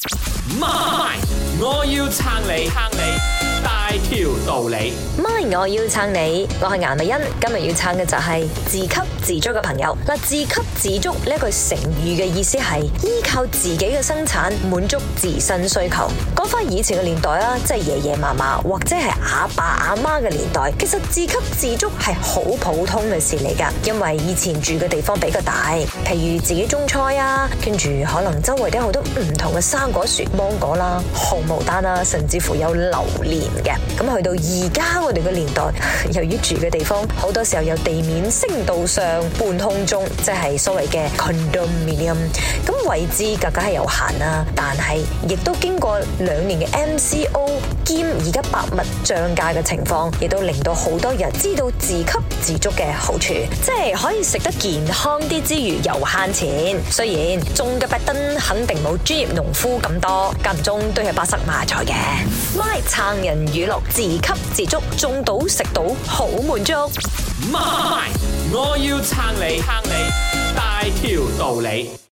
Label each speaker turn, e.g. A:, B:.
A: 媽咪，My, 我要撐你，撐你。大條道理，媽我要撐你，我係顏麗欣，今日要撐嘅就係自給自足嘅朋友。嗱，自給自足呢句成語嘅意思係依靠自己嘅生產滿足自身需求。講翻以前嘅年代啦，即係爺爺嫲嫲或者係阿爸阿媽嘅年代，其實自給自足係好普通嘅事嚟噶，因為以前住嘅地方比較大，譬如自己種菜啊，跟住可能周圍都好多唔同嘅生果樹、芒果啦、紅毛丹啦，甚至乎有榴蓮嘅，咁去到而家我哋嘅年代，由於住嘅地方好多時候由地面升到上半空中，即係所謂嘅 condominium 咁，位置格梗係有限啦。但係亦都經過兩年嘅 MCO 兼而家百物漲價嘅情況，亦都令到好多人知道自給自足嘅好處，即係可以食得健康啲之餘又慳錢。雖然種嘅百墩肯定冇專業農夫咁多，間唔中都係八色馬菜嘅，拉撐人。娛樂自給自足，種到食到，好滿足。媽，我要撐你，撐你大條道理。